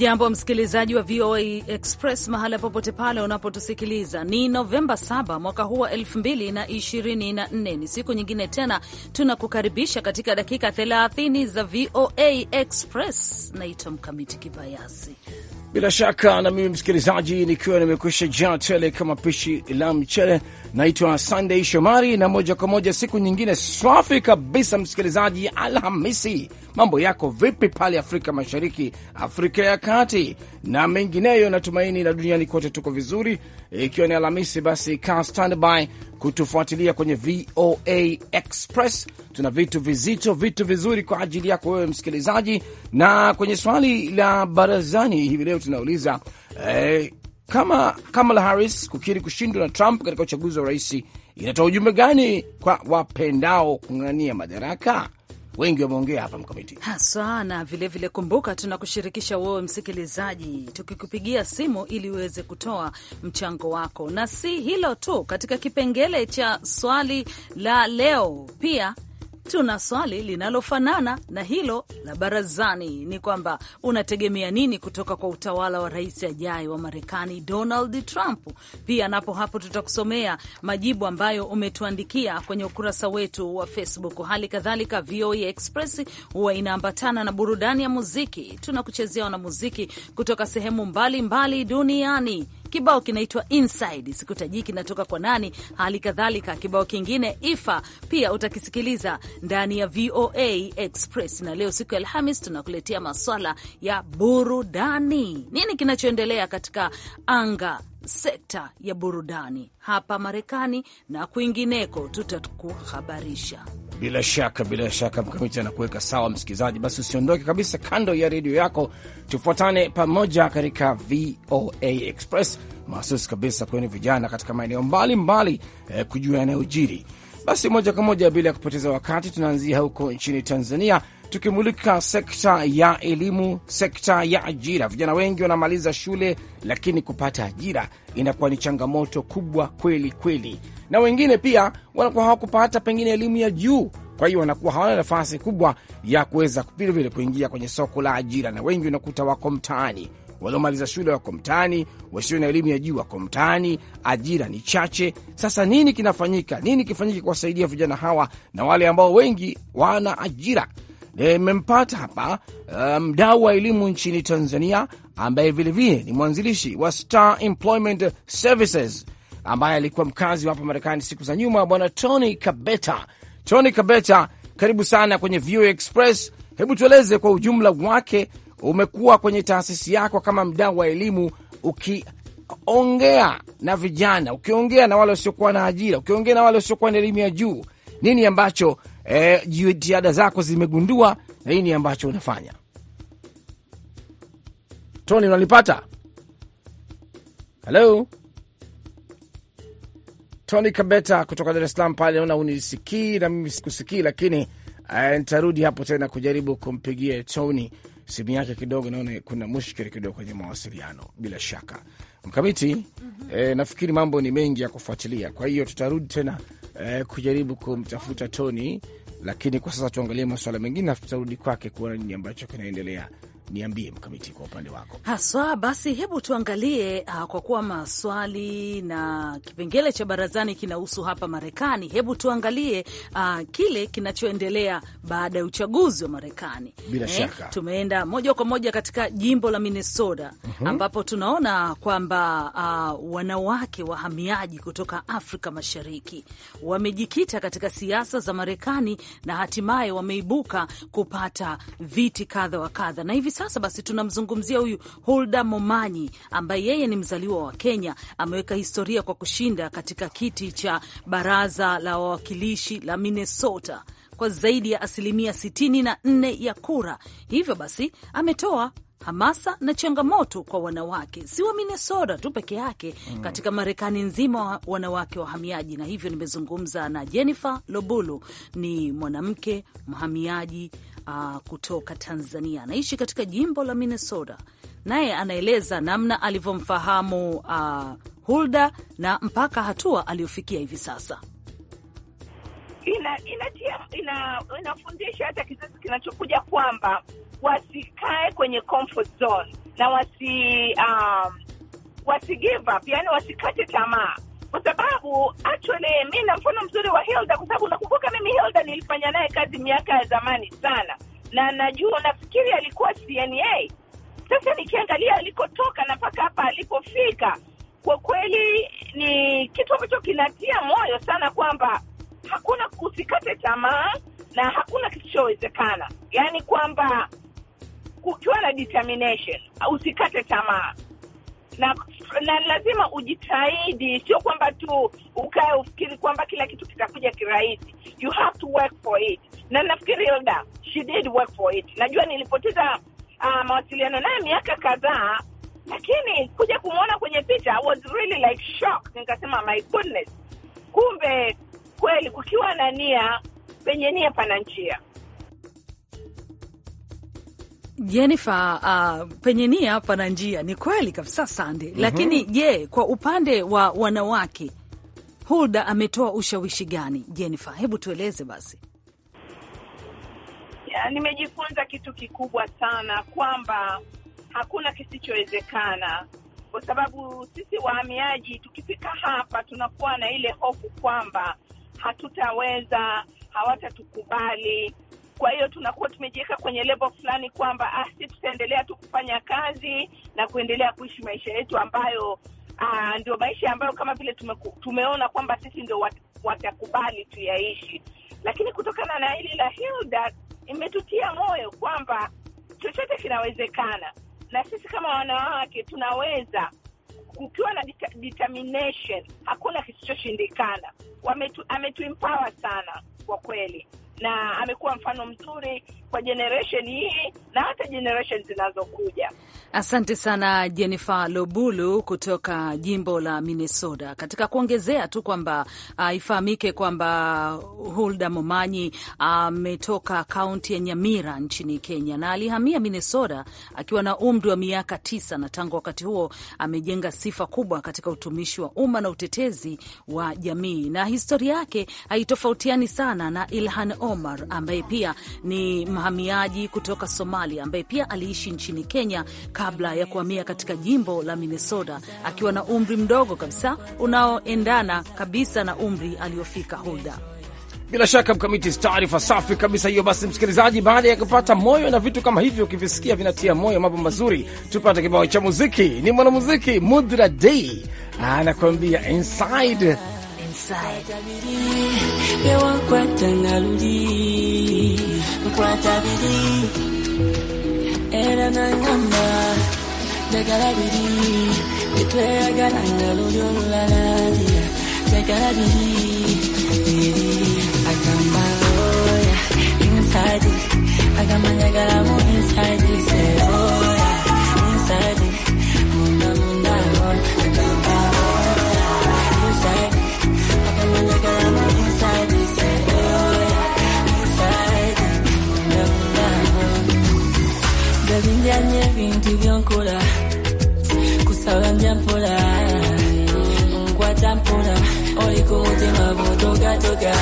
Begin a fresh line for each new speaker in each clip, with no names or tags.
Hujambo msikilizaji wa VOA Express mahala popote pale unapotusikiliza. Ni Novemba 7 mwaka huu wa 2024, ni siku nyingine tena tunakukaribisha katika dakika 30 za VOA Express. Naitwa Mkamiti Kibayasi,
bila shaka na mimi msikilizaji, nikiwa nimekwisha jaa tele kama pishi la mchele. Naitwa Sunday Shomari na moja kwa moja, siku nyingine swafi kabisa msikilizaji, Alhamisi. Mambo yako vipi pale Afrika Mashariki, Afrika ya kati na mengineyo. Natumaini na duniani kote tuko vizuri. Ikiwa ni Alhamisi, basi kaa standby kutufuatilia kwenye VOA Express. Tuna vitu vizito, vitu vizuri kwa ajili yako wewe msikilizaji. Na kwenye swali la barazani hivi leo tunauliza eh, kama Kamala Harris kukiri kushindwa na Trump katika uchaguzi wa raisi inatoa ujumbe gani kwa wapendao kung'ang'ania madaraka? wengi wameongea hapa mkamiti
haswa, na vilevile kumbuka, tunakushirikisha wewe msikilizaji, tukikupigia simu ili uweze kutoa mchango wako. Na si hilo tu, katika kipengele cha swali la leo pia tuna swali linalofanana na hilo la barazani, ni kwamba unategemea nini kutoka kwa utawala wa rais ajaye wa Marekani, Donald Trump? Pia napo hapo tutakusomea majibu ambayo umetuandikia kwenye ukurasa wetu wa Facebook. Hali kadhalika, VOA Express huwa inaambatana na burudani ya muziki, tunakuchezea wanamuziki kutoka sehemu mbalimbali mbali duniani. Kibao kinaitwa Inside, sikutajii kinatoka kwa nani. Hali kadhalika kibao kingine Ifa pia utakisikiliza ndani ya VOA Express, na leo siku ya Alhamis tunakuletea maswala ya burudani. Nini kinachoendelea katika anga sekta ya burudani hapa Marekani na kwingineko, tutakuhabarisha.
Bila shaka, bila shaka Mkamiti anakuweka sawa msikilizaji. Basi usiondoke kabisa kando ya redio yako, tufuatane pamoja katika VOA Express mahsusi kabisa kweni vijana katika maeneo mbalimbali eh, kujua yanayojiri. Basi moja kwa moja bila ya kupoteza wakati tunaanzia huko nchini Tanzania tukimulika sekta ya elimu, sekta ya ajira. Vijana wengi wanamaliza shule, lakini kupata ajira inakuwa ni changamoto kubwa kweli kweli, na wengine pia wanakuwa hawakupata pengine elimu ya juu kwa hiyo wanakuwa hawana nafasi kubwa ya kuweza vilevile kuingia kwenye soko la ajira, na wengi unakuta wako mtaani. Waliomaliza shule wako mtaani, wasio na elimu ya juu wako mtaani, ajira ni chache. Sasa nini kinafanyika? Nini kifanyike kuwasaidia vijana hawa na wale ambao wengi wana ajira? Nimempata hapa eh, mdau um, wa elimu nchini Tanzania ambaye vilevile ni mwanzilishi wa Star Employment Services ambaye alikuwa mkazi wa hapa Marekani siku za nyuma, bwana Tony Kabeta. Tony Kabeta, karibu sana kwenye VOA Express. Hebu tueleze kwa ujumla wake, umekuwa kwenye taasisi yako kama mdau wa elimu ukiongea na vijana, ukiongea na wale wasiokuwa na ajira, ukiongea na wale wasiokuwa na elimu ya juu, nini ambacho E, jitihada e, zako zimegundua na nini ambacho unafanya. Tony, unanipata? Halo Tony Kabeta kutoka Dar es Salaam pale, naona unisikii na mimi sikusikii, lakini e, ntarudi hapo tena kujaribu kumpigia Tony simu yake kidogo. Naona kuna mushkili kidogo kwenye mawasiliano, bila shaka mkamiti. mm -hmm. E, nafikiri mambo ni mengi ya kufuatilia, kwa hiyo tutarudi tena eh, kujaribu kumtafuta Tony, lakini kwa sasa tuangalie masuala mengine, afu tutarudi kwake kuona nini ambacho kinaendelea. Niambie Mkamiti, kwa upande wako
haswa. Basi hebu tuangalie uh, kwa kuwa maswali na kipengele cha barazani kinahusu hapa Marekani, hebu tuangalie uh, kile kinachoendelea baada ya uchaguzi wa Marekani. Bila eh, shaka tumeenda moja kwa moja katika jimbo la Minnesota mm -hmm. ambapo tunaona kwamba uh, wanawake wahamiaji kutoka Afrika Mashariki wamejikita katika siasa za Marekani na hatimaye wameibuka kupata viti kadha wa kadha na hivi sasa basi tunamzungumzia huyu Hulda Momanyi ambaye yeye ni mzaliwa wa Kenya, ameweka historia kwa kushinda katika kiti cha baraza la wawakilishi la Minnesota kwa zaidi ya asilimia 64 ya kura. Hivyo basi ametoa hamasa na changamoto kwa wanawake, si wa Minnesota tu peke yake, mm. katika Marekani nzima, wa wanawake wahamiaji. Na hivyo nimezungumza na Jennifer Lobulu, ni mwanamke mhamiaji uh, kutoka Tanzania, anaishi katika jimbo la Minnesota. Naye anaeleza namna alivyomfahamu uh, Hulda na mpaka hatua aliyofikia hivi sasa.
Inatia ina, inafundisha hata kizazi kinachokuja kwamba wasikae kwenye comfort zone na wasi um, wasi give up, yani wasikate tamaa kwa sababu actually mi na mfano mzuri wa Hilda, kwa sababu nakumbuka mimi Hilda nilifanya naye kazi miaka ya zamani sana, na najua, nafikiri alikuwa CNA. Sasa nikiangalia alikotoka na mpaka hapa alipofika, kwa kweli ni kitu ambacho kinatia moyo sana kwamba hakuna kusikate tamaa na hakuna kisichowezekana, yaani kwamba kukiwa na determination usikate tamaa na na lazima ujitahidi, sio kwamba tu ukae ufikiri kwamba kila kitu kitakuja kirahisi. You have to work for it, na nafikiri Hilda she did work for it. Najua nilipoteza uh, mawasiliano naye miaka kadhaa, lakini kuja kumwona kwenye picha I was really like shocked. Nikasema my goodness, kumbe kweli kukiwa na nia, penye nia pana njia.
Jennifer, uh, penye nia pana njia, ni kweli kabisa Sande. mm -hmm. Lakini je, kwa upande wa wanawake Hulda ametoa ushawishi gani? Jennifer, hebu tueleze basi.
Ya, nimejifunza kitu kikubwa sana kwamba hakuna kisichowezekana, kwa sababu sisi wahamiaji tukifika hapa tunakuwa na ile hofu kwamba hatutaweza, hawatatukubali kwa hiyo tunakuwa tumejiweka kwenye lebo fulani kwamba ah, si tutaendelea tu kufanya kazi na kuendelea kuishi maisha yetu ambayo ah, ndio maisha ambayo kama vile tume, tumeona kwamba sisi ndio wat, watakubali tuyaishi, lakini kutokana na hili la Hilda imetutia moyo kwamba chochote kinawezekana, na sisi kama wanawake tunaweza kukiwa na determination hakuna kisichoshindikana. Ametuempower sana kwa kweli, na amekuwa mfano mzuri kwa generation hii na hata generation zinazokuja.
Asante sana Jennifer Lobulu kutoka jimbo la Minnesota. Katika kuongezea tu kwamba uh, ifahamike kwamba Hulda Momanyi ametoka uh, kaunti ya Nyamira nchini Kenya na alihamia Minnesota akiwa na umri wa miaka tisa, na tangu wakati huo amejenga sifa kubwa katika utumishi wa umma na utetezi wa jamii, na historia yake haitofautiani sana na Ilhan Omar ambaye pia ni mhamiaji kutoka Somalia ambaye pia aliishi nchini Kenya kabla ya kuhamia katika jimbo la Minnesota akiwa na umri mdogo kabisa unaoendana kabisa na umri aliyofika Hulda.
Bila shaka mkamiti, taarifa safi kabisa hiyo. Basi msikilizaji, baada ya kupata moyo na vitu kama hivyo, ukivisikia vinatia moyo, mambo mazuri, tupate kibao cha muziki. Ni mwanamuziki Mudra Day anakuambia inside,
inside. Io
encuentro en aludí
Encuentra vidi Era na ngamba Dagala vidi Mitwe agala ngaluyo laladia Dagala vidi Vidi Akamba oya Inside Akamanya galamu inside Say oya Inside Usifanye vintu vyonkula kusala mjampula ngwatampula olikumutima votogatoka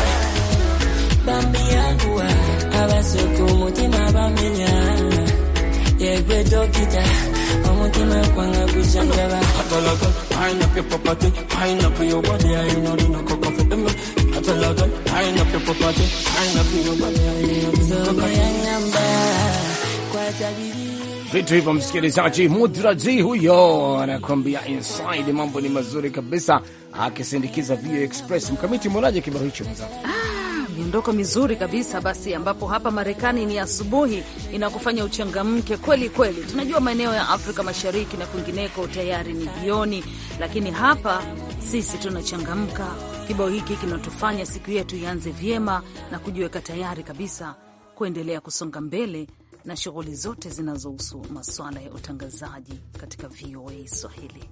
bambi yanguwa abasuku mutima bamenya yegwe dokita omutima gwanga gujangaba Pineapple property, pineapple your body, I
vitu hivyo, msikilizaji. Mudraji huyo anakuambia inside, mambo ni mazuri kabisa, akisindikiza Vio Express. Mkamiti mwonaje kibao hicho? Ah,
miondoko mizuri kabisa basi, ambapo hapa Marekani ni asubuhi, inakufanya uchangamke kweli kweli. Tunajua maeneo ya Afrika Mashariki na kwingineko tayari ni jioni, lakini hapa sisi tunachangamka. Kibao hiki kinatufanya siku yetu ianze vyema na kujiweka tayari kabisa kuendelea kusonga mbele na shughuli zote zinazohusu masuala ya utangazaji katika VOA Swahili.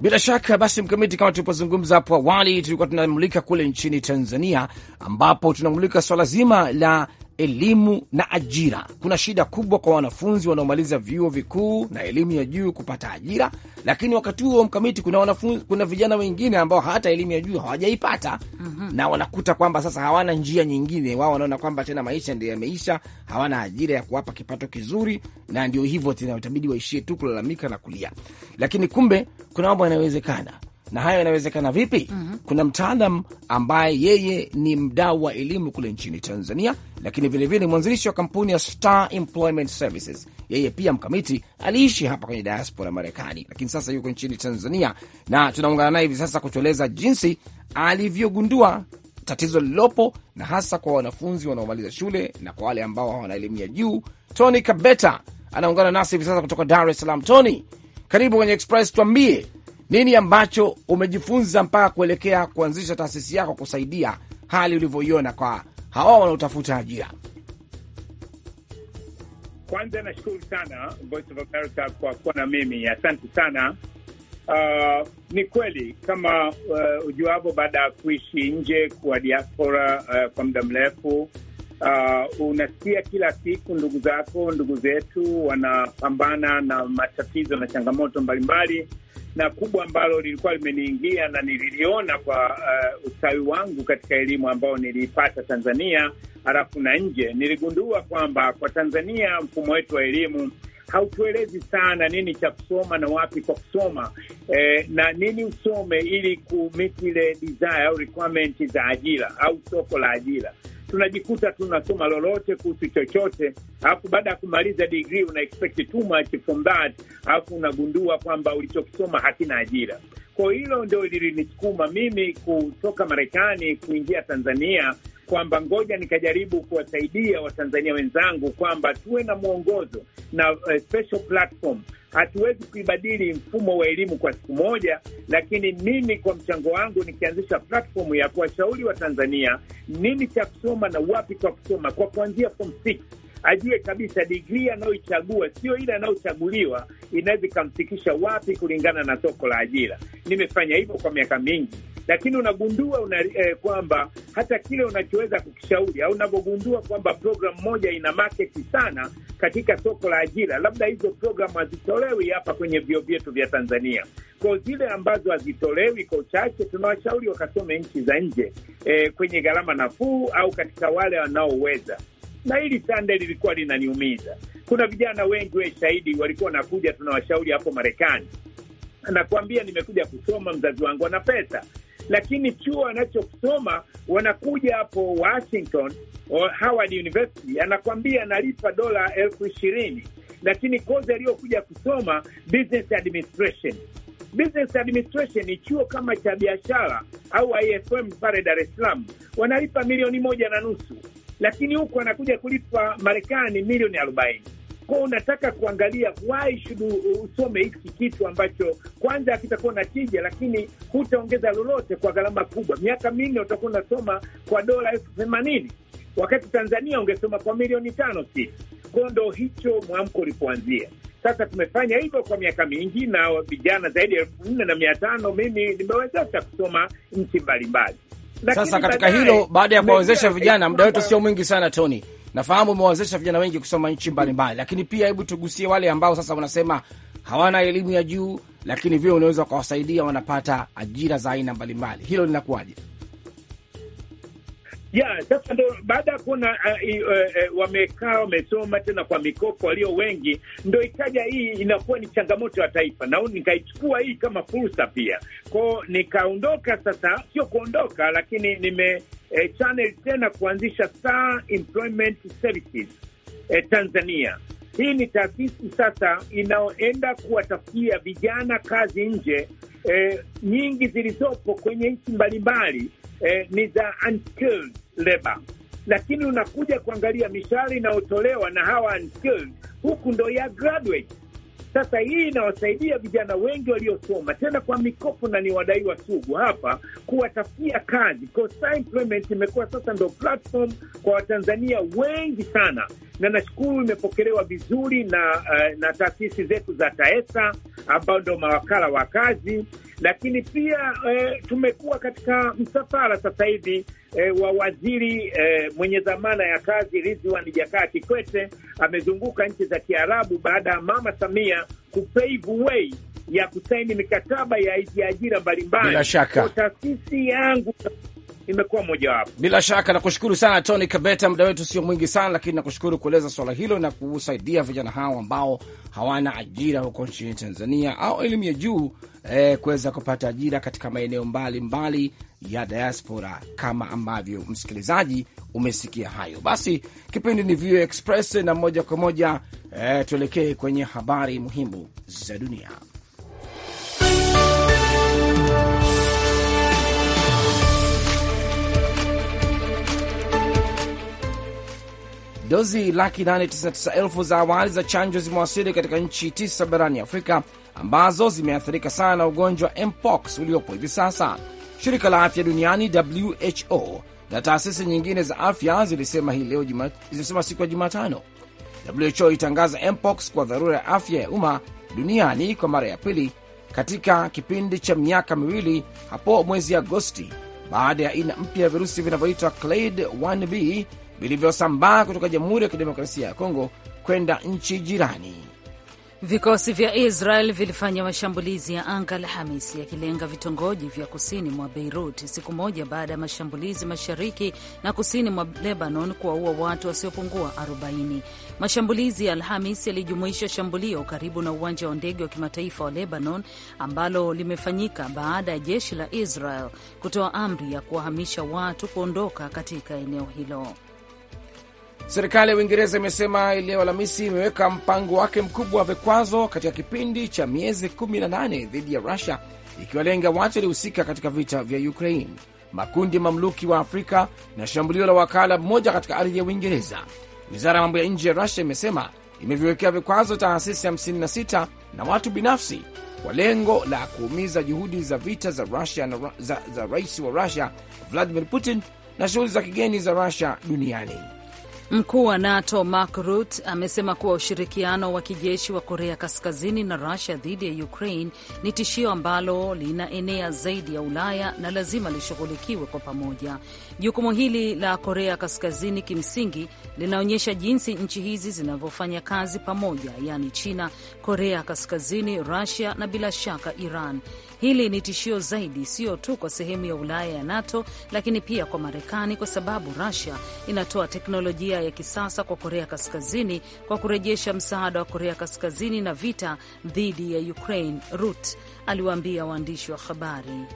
Bila shaka basi, Mkamiti, kama tulipozungumza hapo awali, tulikuwa tunamulika kule nchini Tanzania, ambapo tunamulika swala zima la elimu na ajira. Kuna shida kubwa kwa wanafunzi wanaomaliza vyuo vikuu na elimu ya juu kupata ajira, lakini wakati huo mkamiti, kuna wanafunzi, kuna vijana wengine ambao hata elimu ya juu hawajaipata mm -hmm. na wanakuta kwamba sasa hawana njia nyingine, wao wanaona kwamba tena maisha ndio yameisha, hawana ajira ya kuwapa kipato kizuri, na ndio hivyo tena itabidi waishie tu kulalamika na kulia, lakini kumbe kuna mambo yanayowezekana na hayo yanawezekana vipi? mm -hmm. Kuna mtaalam ambaye yeye ni mdau wa elimu kule nchini Tanzania, lakini vilevile ni mwanzilishi wa kampuni ya Star Employment Services. Yeye pia mkamiti aliishi hapa kwenye diaspora Marekani, lakini sasa yuko nchini Tanzania na tunaungana naye hivi sasa kutueleza jinsi alivyogundua tatizo lililopo na hasa kwa wanafunzi wanaomaliza shule na kwa wale ambao hawana elimu ya juu. Tony Kabeta anaungana nasi hivi sasa kutoka Dar es Salaam. Tony, karibu kwenye Express, tuambie nini ambacho umejifunza mpaka kuelekea kuanzisha taasisi yako kusaidia hali ulivyoiona kwa hawa wanaotafuta ajira?
Kwanza nashukuru sana Voice of America kwa kuwa na mimi, asante sana. Uh, ni kweli kama uh, ujuavo, baada ya kuishi nje kwa diaspora uh, kwa muda mrefu uh, unasikia kila siku ndugu zako, ndugu zetu wanapambana na matatizo na changamoto mbalimbali na kubwa ambalo lilikuwa limeniingia na nililiona kwa uh, ustawi wangu katika elimu ambayo niliipata Tanzania halafu na nje, niligundua kwamba kwa Tanzania mfumo wetu wa elimu hautuelezi sana nini cha kusoma na wapi kwa kusoma eh, na nini usome ili kumiti ile desire au requirement za ajira au soko la ajira tunajikuta tunasoma lolote kuhusu chochote, alafu baada ya kumaliza degree una expect too much from that, alafu unagundua kwamba ulichokisoma hakina ajira. Kwa hilo ndio lilinisukuma mimi kutoka Marekani kuingia Tanzania kwamba ngoja nikajaribu kuwasaidia Watanzania wenzangu kwamba tuwe na mwongozo na uh, special platform. Hatuwezi kuibadili mfumo wa elimu kwa siku moja, lakini mimi kwa mchango wangu nikianzisha platform ya kuwashauri Watanzania nini cha kusoma na wapi kwa kusoma kwa kuanzia form six ajue kabisa digri anayoichagua sio ile anayochaguliwa, inaweza ikamfikisha wapi kulingana na soko la ajira. Nimefanya hivyo kwa miaka mingi, lakini unagundua una, eh, kwamba hata kile unachoweza kukishauri au unavyogundua kwamba programu moja ina maketi sana katika soko la ajira, labda hizo programu hazitolewi hapa kwenye vio vyetu vya Tanzania. Kwa zile ambazo hazitolewi kwa uchache, tunawashauri wakasome nchi za nje eh, kwenye gharama nafuu au katika wale wanaoweza na hili sande lilikuwa linaniumiza. Kuna vijana wengi we shahidi, walikuwa wanakuja tunawashauri hapo Marekani, anakuambia nimekuja kusoma, mzazi wangu ana pesa, lakini chuo wanachokisoma wanakuja hapo Washington, Howard University, anakwambia analipa dola elfu ishirini lakini kozi aliyokuja kusoma business administration. Business administration ni chuo kama cha biashara au IFM pale Dar es Salaam, wanalipa milioni moja na nusu, lakini huku anakuja kulipa Marekani milioni arobaini kwao unataka kuangalia why should usome hiki kitu ambacho kwanza hakitakuwa na tija, lakini hutaongeza lolote kwa gharama kubwa. Miaka minne utakuwa unasoma kwa dola elfu themanini wakati Tanzania ungesoma kwa milioni tano si Kwao ndo hicho mwamko ulipoanzia. Sasa tumefanya hivyo kwa miaka mingi na vijana zaidi ya elfu nne na mia tano mimi nimewezesha kusoma nchi mbalimbali. Sasa katika hilo, baada ya kuwawezesha vijana, muda wetu sio
mwingi sana Tony nafahamu umewawezesha vijana wengi kusoma nchi mbalimbali, lakini pia hebu tugusie wale ambao sasa wanasema hawana elimu ya juu, lakini vile unaweza ukawasaidia, wanapata ajira za aina mbalimbali, hilo linakuwaje?
Yeah, sasa ndo baada ya kuona uh, uh, uh, wamekaa wamesoma tena kwa mikopo walio wengi, ndo ikaja hii inakuwa ni changamoto ya taifa, na nikaichukua hii kama fursa pia kwao, nikaondoka. Sasa sio kuondoka, lakini nime uh, channel tena kuanzisha Star Employment Services uh, Tanzania. Hii ni taasisi sasa inayoenda kuwatafutia vijana kazi nje uh, nyingi zilizopo kwenye nchi mbalimbali eh, ni za unskilled leba, lakini unakuja kuangalia mishahara inayotolewa na hawa unskilled, huku ndo ya graduate. Sasa hii inawasaidia vijana wengi waliosoma tena kwa mikopo na ni wadaiwa sugu hapa kuwatafutia kazi. Employment imekuwa sasa ndo platform kwa Watanzania wengi sana, na nashukuru imepokelewa vizuri na, uh, na taasisi zetu za TAESA ambao ndo mawakala wa kazi lakini pia e, tumekuwa katika msafara sasa hivi e, wa waziri e, mwenye dhamana ya kazi Ridhiwani Jakaya Kikwete amezunguka nchi za Kiarabu baada ya Mama Samia kupave way ya kusaini mikataba ya ajira mbalimbali. taasisi yangu imekuwa mojawapo. Bila
shaka nakushukuru sana Tony Kabeta, muda wetu sio mwingi sana, lakini nakushukuru kueleza swala hilo na kusaidia vijana hao ambao hawana ajira huko nchini Tanzania au elimu ya juu eh, kuweza kupata ajira katika maeneo mbalimbali ya diaspora, kama ambavyo msikilizaji umesikia hayo. Basi kipindi ni VOA Express na moja kwa moja eh, tuelekee kwenye habari muhimu za dunia. Dozi laki 899,000 za awali za chanjo zimewasili katika nchi tisa barani Afrika ambazo zimeathirika sana na ugonjwa wa mpox uliopo hivi sasa. Shirika la afya duniani WHO na taasisi nyingine za afya zilisema hii leo juma, zilisema siku ya Jumatano WHO itangaza mpox kwa dharura ya afya ya umma duniani kwa mara ya pili katika kipindi cha miaka miwili hapo mwezi Agosti, baada ya aina mpya ya virusi vinavyoitwa clade 1b vilivyosambaa kutoka Jamhuri ya Kidemokrasia ya Kongo kwenda nchi jirani.
Vikosi vya Israel vilifanya mashambulizi ya anga Alhamisi yakilenga vitongoji vya kusini mwa Beirut, siku moja baada ya mashambulizi mashariki na kusini mwa Lebanon kuwaua watu wasiopungua 40. Mashambulizi ya Alhamis yalijumuisha shambulio karibu na uwanja wa ndege wa kimataifa wa Lebanon ambalo limefanyika baada ya jeshi la Israel kutoa amri ya kuwahamisha watu kuondoka
katika eneo hilo. Serikali ya Uingereza imesema leo Alhamisi imeweka mpango wake mkubwa wa vikwazo katika kipindi cha miezi 18 dhidi ya Rusia, ikiwalenga watu waliohusika katika vita vya Ukraine, makundi mamluki wa Afrika na shambulio la wakala mmoja katika ardhi ya Uingereza. Wizara ya mambo ya nje ya Rusia imesema imeviwekea vikwazo taasisi 56 na watu binafsi kwa lengo la kuumiza juhudi za vita za Rusia na za, za rais wa Rusia Vladimir Putin na shughuli za kigeni za Rusia duniani.
Mkuu wa NATO Mark Rutte amesema kuwa ushirikiano wa kijeshi wa Korea Kaskazini na Rusia dhidi ya Ukraine ni tishio ambalo linaenea zaidi ya Ulaya na lazima lishughulikiwe kwa pamoja. Jukumu hili la Korea Kaskazini kimsingi linaonyesha jinsi nchi hizi zinavyofanya kazi pamoja, yaani China, Korea Kaskazini, Rusia na bila shaka Iran Hili ni tishio zaidi, sio tu kwa sehemu ya Ulaya ya NATO, lakini pia kwa Marekani, kwa sababu rusia inatoa teknolojia ya kisasa kwa Korea Kaskazini kwa kurejesha msaada wa Korea Kaskazini na vita dhidi ya Ukraine, rut aliwaambia waandishi wa habari.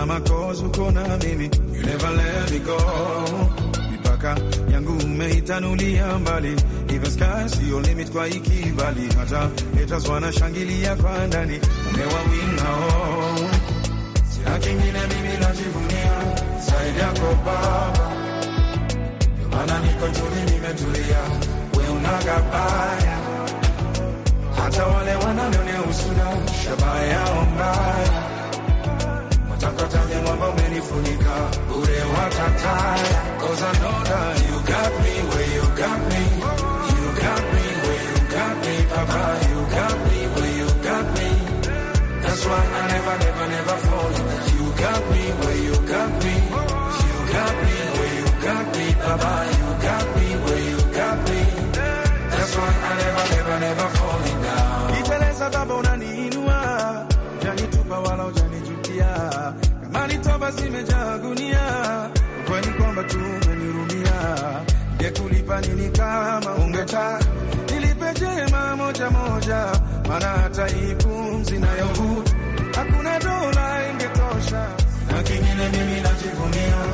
Mama cause uko na mimi, you never let me go. Mipaka yangu umeitanulia mbali, even sky sio limit kwa ikibali, hata haters wanashangilia kwa ndani, umewawina oh. Sina kingine mimi najivunia zaidi yako Baba, ndio maana niko tuli nimetulia, we unagaba kunifunika bure watataya cause I know that you got me where you got me you got me where you got me papa you got me where you got me that's why I never never never fall in you got me where you got me you got me where you got me papa you got me where you got me that's why I never never never fall in love mali toba zimejaa gunia, kwani kwamba tumenirumia, ngekulipa nini kama ungetaka nilipe jema moja moja, mana hata hii pumzi nayovuta hakuna dola ingetosha, na kingine mimi najivunia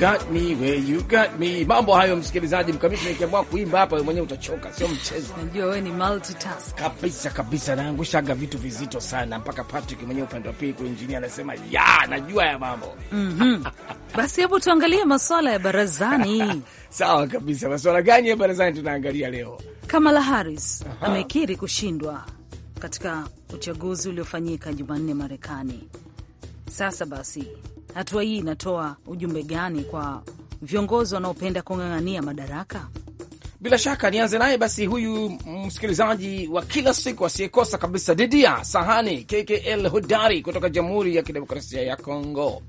got me where you got me. Mambo hayo msikilizaji, mkamiti nikiamua kuimba hapa, wewe mwenyewe utachoka, sio mchezo. Najua wewe ni multitask kabisa kabisa, naangushaga vitu vizito sana, mpaka Patrick mwenyewe upande wa pili kwa injinia anasema ya najua ya mambo mm -hmm. Basi hebu tuangalie masuala ya barazani sawa kabisa. Masuala gani ya barazani tunaangalia leo?
Kamala Harris amekiri kushindwa katika uchaguzi uliofanyika Jumanne Marekani. Sasa basi hatua hii inatoa ujumbe gani kwa viongozi wanaopenda kung'ang'ania madaraka?
Bila shaka nianze naye basi, huyu msikilizaji wa kila siku asiyekosa kabisa, Didia Sahani KKL Hodari kutoka Jamhuri ya Kidemokrasia ya Kongo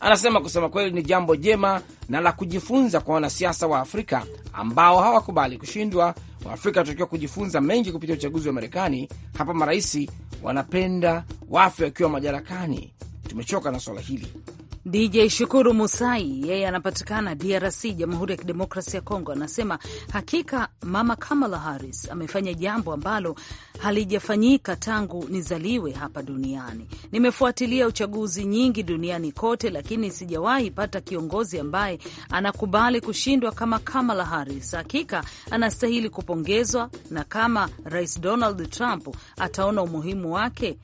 anasema kusema kweli ni jambo jema na la kujifunza kwa wanasiasa wa Afrika ambao hawakubali kushindwa. Waafrika wanatakiwa kujifunza mengi kupitia uchaguzi wa Marekani. Hapa maraisi wanapenda wafe wakiwa madarakani. Tumechoka na swala hili. DJ
Shukuru Musai yeye anapatikana DRC, Jamhuri ya Kidemokrasi ya Kongo, anasema hakika Mama Kamala Harris amefanya jambo ambalo halijafanyika tangu nizaliwe hapa duniani. Nimefuatilia uchaguzi nyingi duniani kote, lakini sijawahi pata kiongozi ambaye anakubali kushindwa kama Kamala Harris. Hakika anastahili kupongezwa, na kama Rais Donald Trump ataona umuhimu wake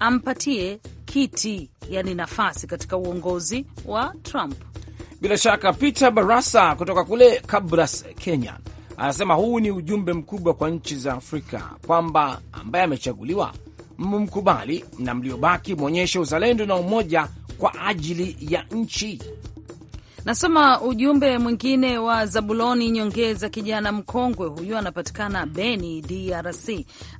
ampatie kiti, yani nafasi katika uongozi wa Trump.
Bila shaka, Peter Barasa kutoka kule Kabras, Kenya, anasema huu ni ujumbe mkubwa kwa nchi za Afrika kwamba ambaye amechaguliwa mmkubali, na mliobaki mwonyeshe uzalendo na umoja kwa ajili ya nchi.
Nasoma ujumbe mwingine wa Zabuloni Nyongeza, kijana mkongwe huyu, anapatikana Beni, DRC.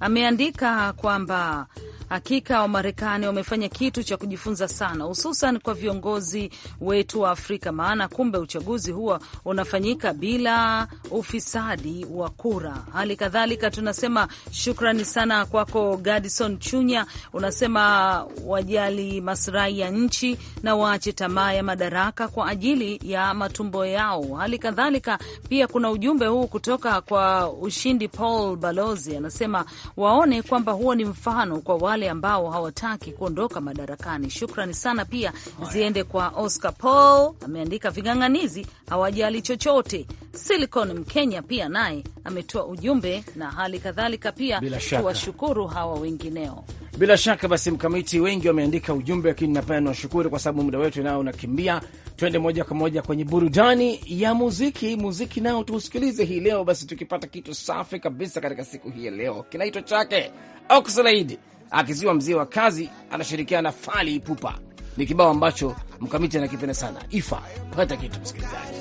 Ameandika kwamba hakika Wamarekani wamefanya kitu cha kujifunza sana, hususan kwa viongozi wetu wa Afrika, maana kumbe uchaguzi huwa unafanyika bila ufisadi wa kura. Hali kadhalika tunasema shukrani sana kwako Gadison Chunya, unasema wajali maslahi ya nchi na waache tamaa ya madaraka kwa ajili ya matumbo yao. Hali kadhalika pia kuna ujumbe huu kutoka kwa ushindi Paul Balozi, anasema waone kwamba huo ni mfano kwa wale ambao hawataki kuondoka madarakani. Shukrani sana pia ziende kwa Oscar Paul, ameandika ving'ang'anizi hawajali chochote. Silicon Mkenya pia naye ametoa ujumbe na hali kadhalika pia tuwashukuru hawa wengineo.
Bila shaka basi, mkamiti wengi wameandika ujumbe, lakini napenda niwashukuru kwa sababu muda wetu nao unakimbia. Twende moja kwa moja kwenye burudani ya muziki. Muziki nao tuusikilize hii leo, basi tukipata kitu safi kabisa katika siku hii ya leo. Kinaitwa chake Oxlade akiziwa mzee wa kazi, anashirikiana na Fali Ipupa. Ni kibao ambacho mkamiti anakipenda sana. Ifa pata kitu msikilizaji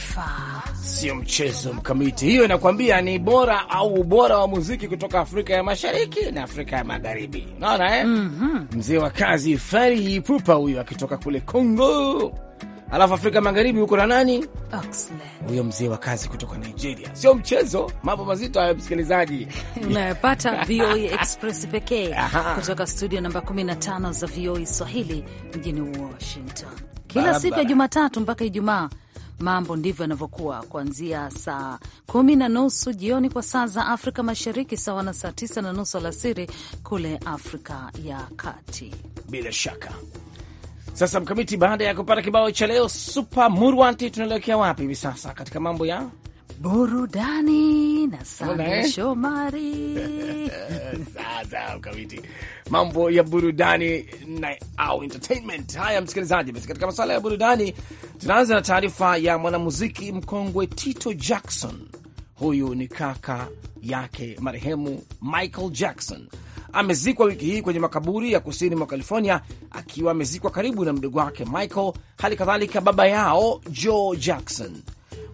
taifa, sio mchezo mkamiti. Hiyo inakwambia ni bora au ubora wa muziki kutoka Afrika ya Mashariki na Afrika ya Magharibi. Unaona eh? mm -hmm. Mzee wa kazi Fari Pupa huyo akitoka kule Congo, alafu Afrika Magharibi huko na nani huyo mzee wa kazi kutoka Nigeria. Sio mchezo, mambo mazito hayo, msikilizaji
unayopata VOA Express pekee kutoka studio namba 15 za VOA Swahili mjini Washington, kila siku ya Jumatatu mpaka Ijumaa mambo ndivyo yanavyokuwa kuanzia saa kumi na nusu jioni kwa saa za Afrika Mashariki, sawa na saa tisa na nusu alasiri kule
Afrika ya Kati. Bila shaka sasa, Mkamiti, baada ya kupata kibao cha leo Super Murwanti, tunaelekea wapi hivi sasa katika mambo ya burudani
na Sande eh? Shomari.
Sasa ukawiti mambo ya burudani na au entertainment. Haya msikilizaji, basi katika masuala ya burudani tunaanza na taarifa ya mwanamuziki mkongwe Tito Jackson. Huyu ni kaka yake marehemu Michael Jackson. Amezikwa wiki hii kwenye makaburi ya kusini mwa California, akiwa amezikwa karibu na mdogo wake Michael, hali kadhalika baba yao Joe Jackson.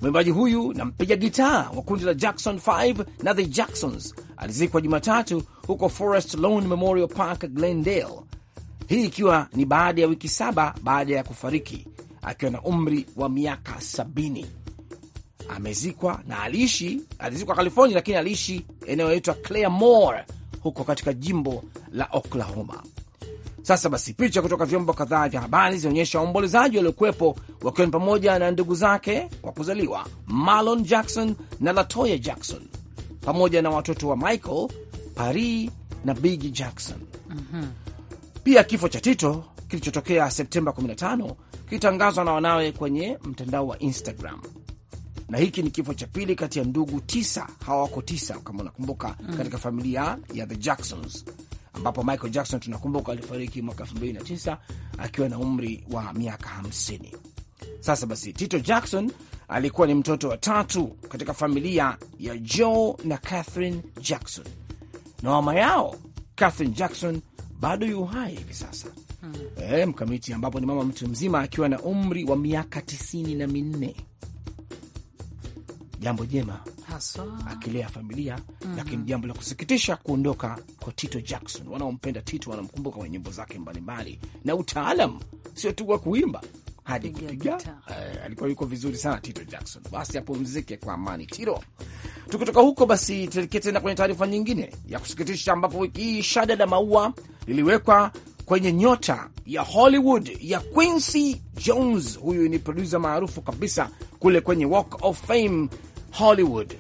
Mwimbaji huyu na mpiga gitaa wa kundi la Jackson 5 na The Jacksons alizikwa Jumatatu huko Forest Lawn Memorial Park, Glendale, hii ikiwa ni baada ya wiki saba baada ya kufariki akiwa na umri wa miaka sabini. Amezikwa na aliishi, alizikwa California, lakini aliishi eneo inayoitwa Claremore huko katika jimbo la Oklahoma. Sasa basi, picha kutoka vyombo kadhaa vya habari zinaonyesha waombolezaji waliokuwepo wakiwa ni pamoja na ndugu zake wa kuzaliwa Marlon Jackson na Latoya Jackson pamoja na watoto wa Michael, Paris na big Jackson. mm -hmm. Pia kifo cha Tito kilichotokea Septemba 15 kilitangazwa na wanawe kwenye mtandao wa Instagram na hiki ni kifo cha pili kati ya ndugu tisa, hawako tisa kama unakumbuka, mm. katika familia ya the Jacksons ambapo Michael Jackson tunakumbuka alifariki mwaka 2009 akiwa na umri wa miaka 50. Sasa basi, Tito Jackson alikuwa ni mtoto wa tatu katika familia ya Joe na Catherine Jackson, na mama yao Catherine Jackson bado yu hai hivi sasa hmm. E, mkamiti ambapo ni mama mtu mzima akiwa na umri wa miaka tisini na minne jambo jema haswa akilea familia mm -hmm. Lakini jambo la kusikitisha kuondoka kwa Tito Jackson. Wanaompenda Tito wanamkumbuka kwenye nyimbo zake mbalimbali na utaalam, sio tu wa kuimba hadi kupiga. Uh, alikuwa yuko vizuri sana Tito Jackson. Basi apumzike kwa amani Tito. Tukitoka huko, basi tuelekee tena kwenye taarifa nyingine ya kusikitisha, ambapo wiki hii shada la maua liliwekwa kwenye nyota ya Hollywood ya Quincy Jones. Huyu ni produsa maarufu kabisa kule kwenye Walk of Fame Hollywood.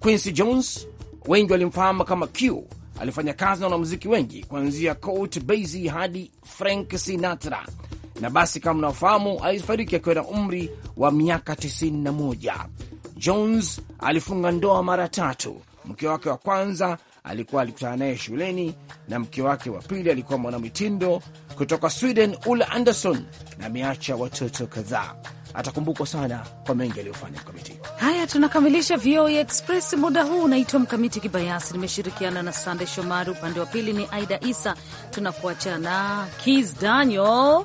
Quincy Jones wengi walimfahamu kama Q. Alifanya kazi na wanamuziki wengi kuanzia Count Basie hadi Frank Sinatra, na basi kama unaofahamu, alifariki akiwa na umri wa miaka 91. Jones alifunga ndoa mara tatu. Mke wake wa kwanza alikuwa alikutana naye shuleni, na mke wake wa pili alikuwa mwanamitindo kutoka Sweden, Ulla Anderson, na ameacha watoto kadhaa. Atakumbukwa sana kwa mengi aliyofanya. Mkamiti,
haya tunakamilisha VOA Express muda huu. Unaitwa Mkamiti Kibayasi, nimeshirikiana na Sande Shomari, upande wa pili ni Aida Isa. Tunakuacha na Kis Daniel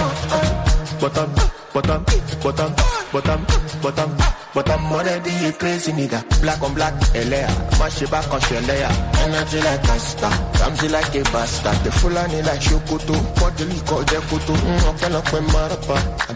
Bottom, bottom, bottom, bottom, bottom, bottom. Money D is crazy nigga. Black on black, Elea. Mash it back on Shelea. Energy like a star. Ramsey like a bastard. The Fulani like Shokutu. Puerto Rico, Jekutu. Mm, okay, look, we're